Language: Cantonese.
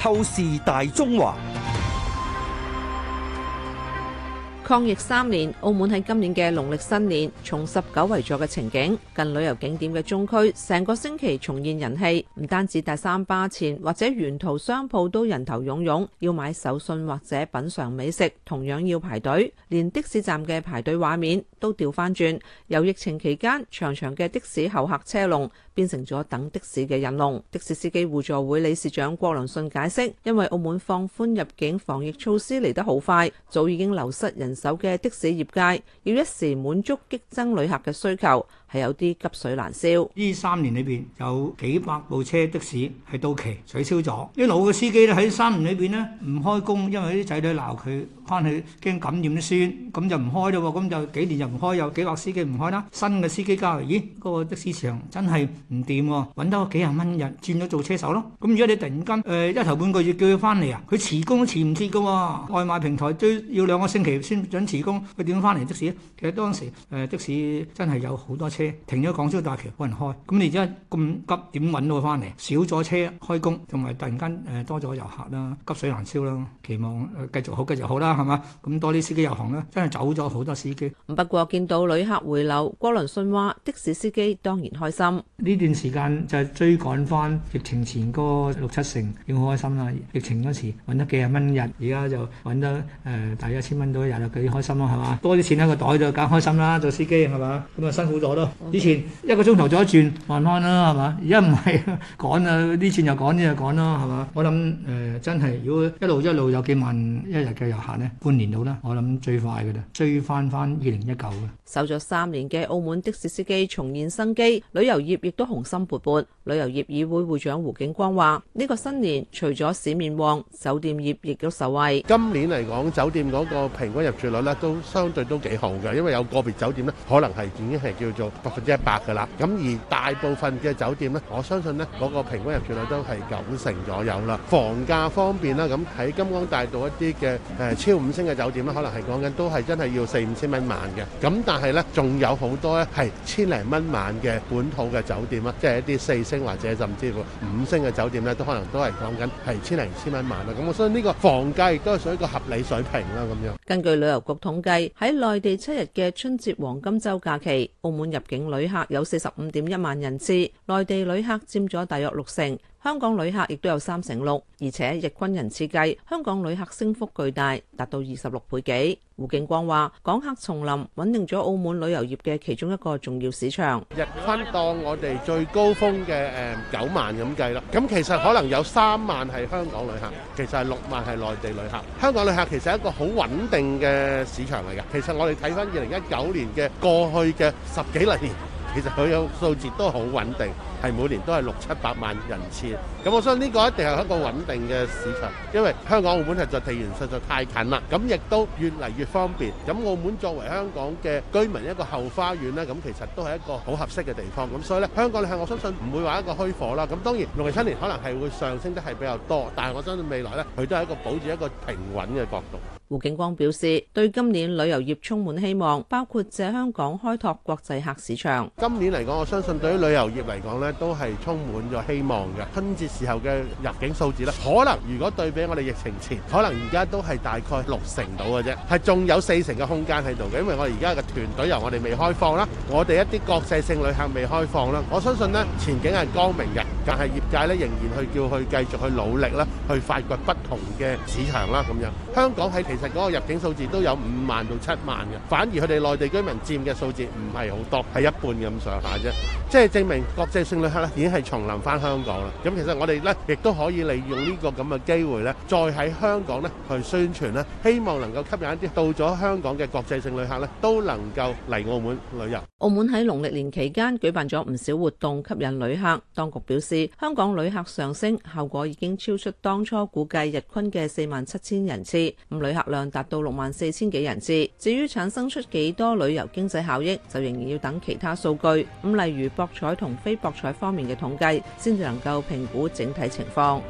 透視大中華。抗疫三年，澳門喺今年嘅農曆新年重拾久違咗嘅情景，近旅遊景點嘅中區成個星期重現人氣，唔單止大三巴前或者沿途商鋪都人頭涌涌，要買手信或者品嘗美食，同樣要排隊，連的士站嘅排隊畫面都調翻轉，由疫情期間長長嘅的，的士候客車龍變成咗等的士嘅人龍。的士司機互助會理事長郭良順解釋，因為澳門放寬入境防疫措施嚟得好快，早已經流失人。手嘅的，的士業界要一時滿足激增旅客嘅需求，係有啲急水難消。呢三年裏邊有幾百部車的士係到期取消咗，啲老嘅司機咧喺三年裏邊咧唔開工，因為啲仔女鬧佢。翻去驚感染啲孫咁就唔開咯喎，咁就幾年就唔開，有幾百司機唔開啦。新嘅司機加入，咦，嗰、那個的士場真係唔掂喎，搵得幾廿蚊日，轉咗做車手咯。咁如果你突然間、呃、一頭半個月叫佢翻嚟啊，佢辭工都辭唔切噶喎。外賣平台都要兩個星期先準辭工，佢點翻嚟的士？其實當時即、呃、的士真係有好多車停咗港珠澳大橋，冇人開。咁你而家咁急點搵到佢翻嚟？少咗車開工，同埋突然間、呃、多咗遊客啦，急水難燒啦。期望繼繼續好，好，繼續好啦。係嘛？咁多啲司機入行咧，真係走咗好多司機。不過見到旅客回流，郭良順話：的士司機當然開心。呢段時間就係追趕翻疫情前嗰六七成，已經好開心啦。疫情嗰時揾得幾廿蚊日，而家就揾得誒大約一千蚊到一日，就幾開心啦，係嘛？多啲錢喺個袋就梗開心啦，做司機係嘛？咁啊辛苦咗咯。以前一個鐘頭左一轉慢慢啦，係嘛？而家唔係趕啦，呢轉就趕呢就趕啦，係嘛？我諗誒，真係如果一路一路有幾萬一日嘅遊客咧。半年度啦，我諗最快嘅啦，追翻翻二零一九嘅。守咗三年嘅澳門的士司機重現生機，旅遊業亦都雄心勃勃。旅遊業議會會，會長胡景光話：呢、這個新年除咗市面旺，酒店業亦都受惠。今年嚟講，酒店嗰個平均入住率呢都相對都幾好嘅，因為有個別酒店呢可能係已經係叫做百分之一百嘅啦。咁而大部分嘅酒店呢，我相信呢嗰、那個平均入住率都係九成左右啦。房價方面啦，咁喺金光大道一啲嘅誒超。五星嘅酒店咧，可能係講緊都係真係要四五千蚊晚嘅。咁但係咧，仲有好多咧係千零蚊晚嘅本土嘅酒店啦，即係一啲四星或者甚至乎五星嘅酒店咧，都可能都係講緊係千零千蚊晚啦。咁所以呢個房價亦都係屬於一個合理水平啦。咁樣，根據旅遊局統計，喺內地七日嘅春節黃金週假期，澳門入境旅客有四十五點一萬人次，內地旅客佔咗大約六成。香港旅客亦都有三成六，而且日均人次計，香港旅客升幅巨大，達到二十六倍幾。胡景光話：港客重臨穩定咗澳門旅遊業嘅其中一個重要市場。日均當我哋最高峰嘅誒九萬咁計啦，咁其實可能有三萬係香港旅客，其實係六萬係內地旅客。香港旅客其實係一個好穩定嘅市場嚟㗎。其實我哋睇返二零一九年嘅過去嘅十幾嚟年。其實佢有數字都好穩定，係每年都係六七百萬人次，咁我相信呢個一定係一個穩定嘅市場，因為香港澳門係在地緣實在太近啦，咁亦都越嚟越方便，咁澳門作為香港嘅居民一個後花園呢，咁其實都係一個好合適嘅地方，咁所以呢，香港咧係我相信唔會話一個虛火啦，咁當然農曆新年可能係會上升得係比較多，但係我相信未來呢，佢都係一個保持一個平穩嘅角度。胡景光表示，對今年旅遊業充滿希望，包括借香港開拓國際客市場。今年嚟講，我相信對於旅遊業嚟講呢，都係充滿咗希望嘅。春節時候嘅入境數字呢，可能如果對比我哋疫情前，可能而家都係大概六成到嘅啫。仲有四成嘅空間喺度嘅，因為我而家嘅團隊由我哋未開放，我哋一啲國際性旅客未開放。我相信呢，前景係光明嘅，但係業界呢，仍然去叫佢繼續去努力啦，去發掘不同嘅市場啦。噉樣香港喺其其實嗰個入境數字都有五萬到七萬嘅，反而佢哋內地居民佔嘅數字唔係好多，係一半咁上下啫。即係證明國際性旅客咧已經係重臨翻香港啦。咁其實我哋咧亦都可以利用呢個咁嘅機會咧，再喺香港咧去宣傳啦，希望能夠吸引一啲到咗香港嘅國際性旅客咧，都能夠嚟澳門旅遊。澳門喺農曆年期間舉辦咗唔少活動，吸引旅客，當局表示香港旅客上升，效果已經超出當初估計日均嘅四萬七千人次，咁旅客量達到六萬四千幾人次。至於產生出幾多旅遊經濟效益，就仍然要等其他數據，咁例如，博彩同非博彩方面嘅統計先至能夠評估整體情況。